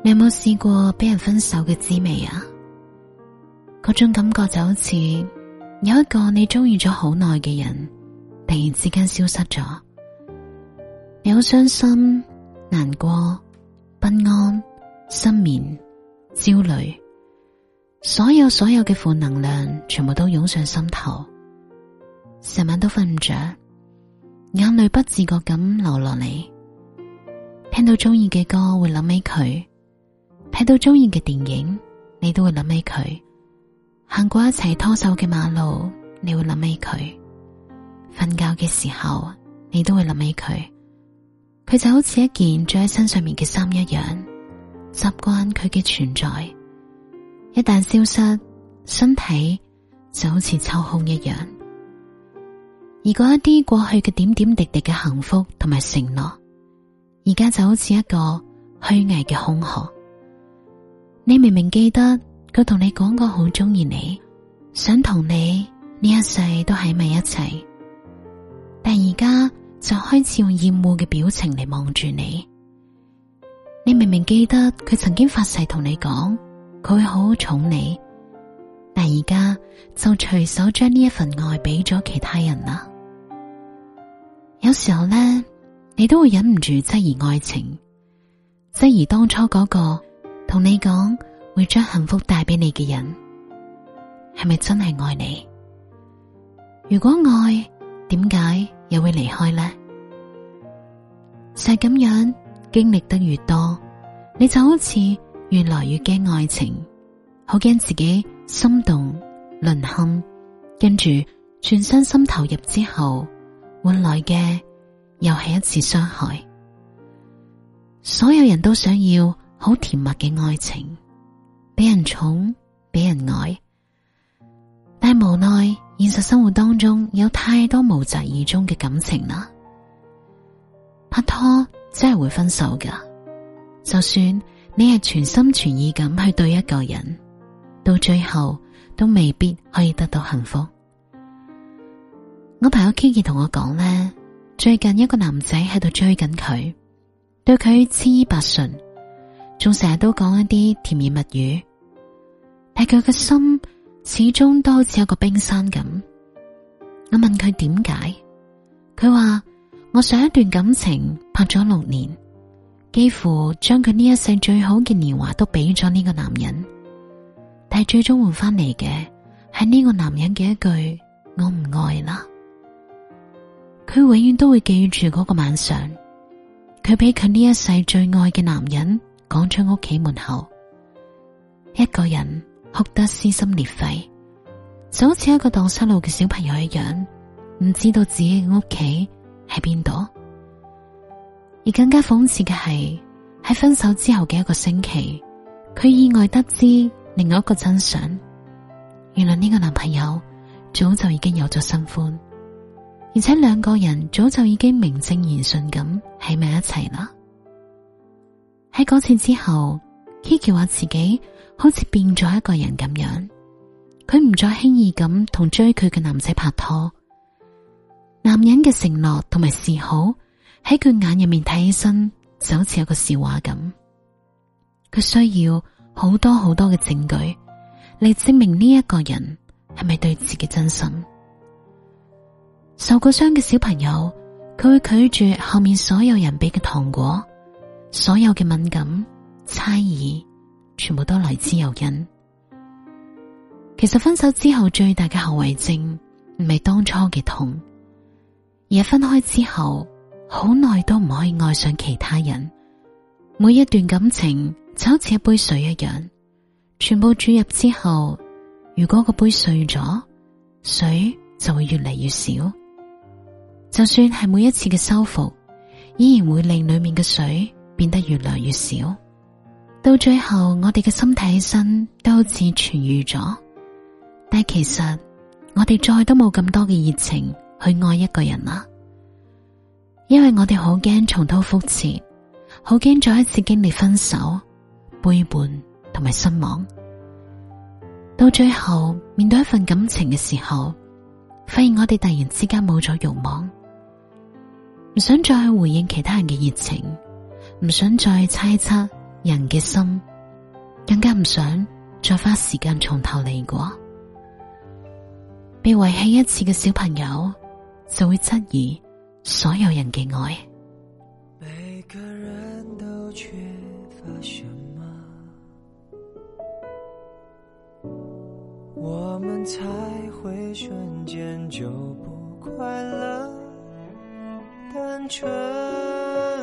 你有冇試過俾人分手嘅滋味啊？嗰種感覺就好似有一個你中意咗好耐嘅人，突然之間消失咗，你好傷心、難過、不安、失眠、焦慮，所有所有嘅負能量全部都湧上心頭，成晚都瞓唔着，眼淚不自覺咁流落嚟，聽到中意嘅歌會諗起佢。睇到中意嘅電影，你都會諗起佢；行過一齊拖手嘅馬路，你會諗起佢；瞓覺嘅時候，你都會諗起佢。佢就好似一件着喺身上面嘅衫一樣，習慣佢嘅存在。一旦消失，身體就好似抽空一樣。而嗰一啲過去嘅點點滴滴嘅幸福同埋承諾，而家就好似一個虛偽嘅空殼。你明明記得佢同你講過好中意你，想同你呢一世都喺埋一齊，但而家就開始用厭惡嘅表情嚟望住你。你明明記得佢曾經發誓同你講佢會好好寵你，但而家就隨手將呢一份愛俾咗其他人啦。有時候咧，你都會忍唔住質疑愛情，質疑當初嗰個。同你講會將幸福帶俾你嘅人，係咪真係愛你？如果愛，點解又會離開呢？就係咁樣，經歷得越多，你就好似越來越驚愛情，好驚自己心動淪陷，跟住全身心投入之後，換來嘅又係一次傷害。所有人都想要。好甜蜜嘅愛情，俾人寵，俾人愛，但係無奈現實生活當中有太多無疾而終嘅感情啦。拍拖真係會分手噶，就算你係全心全意咁去對一個人，到最後都未必可以得到幸福。我朋友 Kiki 同我講呢：「最近一個男仔喺度追緊佢，對佢千依百順。仲成日都講一啲甜言蜜語，但佢嘅心始終都好似有個冰山咁。我問佢點解，佢話我上一段感情拍咗六年，幾乎將佢呢一世最好嘅年華都俾咗呢個男人，但係最終換翻嚟嘅係呢個男人嘅一句我唔愛啦。佢永遠都會記住嗰個晚上，佢俾佢呢一世最愛嘅男人趕出屋企門口，一個人哭得撕心裂肺，就好似一個蕩失路嘅小朋友一樣，唔知道自己嘅屋企喺邊度。而更加諷刺嘅係，喺分手之後嘅一個星期，佢意外得知另外一個真相，原來呢個男朋友早就已經有咗新歡，而且兩個人早就已經名正言順咁喺埋一齊啦。喺嗰次之後，Kiki 話自己好似變咗一個人咁樣，佢唔再輕易咁同追佢嘅男仔拍拖。男人嘅承諾同埋示好，喺佢眼入面睇起身就好似有個笑話咁。佢需要好多好多嘅證據嚟證明呢一個人係咪對自己真心。受過傷嘅小朋友，佢會拒絕後面所有人俾嘅糖果。所有嘅敏感、猜疑，全部都嚟自誘因。其實分手之後最大嘅後遺症唔係當初嘅痛，而係分開之後好耐都唔可以愛上其他人。每一段感情就好似一杯水一樣，全部注入之後，如果個杯碎咗，水就會越嚟越少。就算係每一次嘅修復，依然會令裏面嘅水變得越來越少，到最後我哋嘅心體身都好似痊愈咗，但係其實我哋再都冇咁多嘅熱情去愛一個人啦，因為我哋好驚重蹈覆轍，好驚再一次經歷分手、背叛同埋失望，到最後面對一份感情嘅時候，發現我哋突然之間冇咗欲望，唔想再去回應其他人嘅熱情。唔想再猜測人嘅心，更加唔想再花時間從頭嚟過。被遺棄一次嘅小朋友，就會質疑所有人嘅愛。每個人都缺乏什麼。我們才會瞬間就不快樂，單純。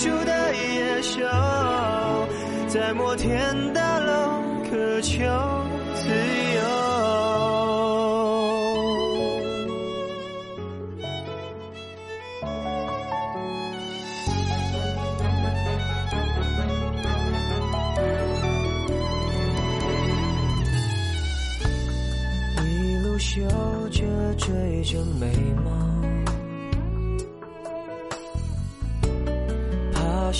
住的野獸，在摩天大樓渴求自由，一路嗅着追着美夢。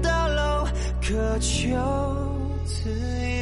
大佬渴求自由。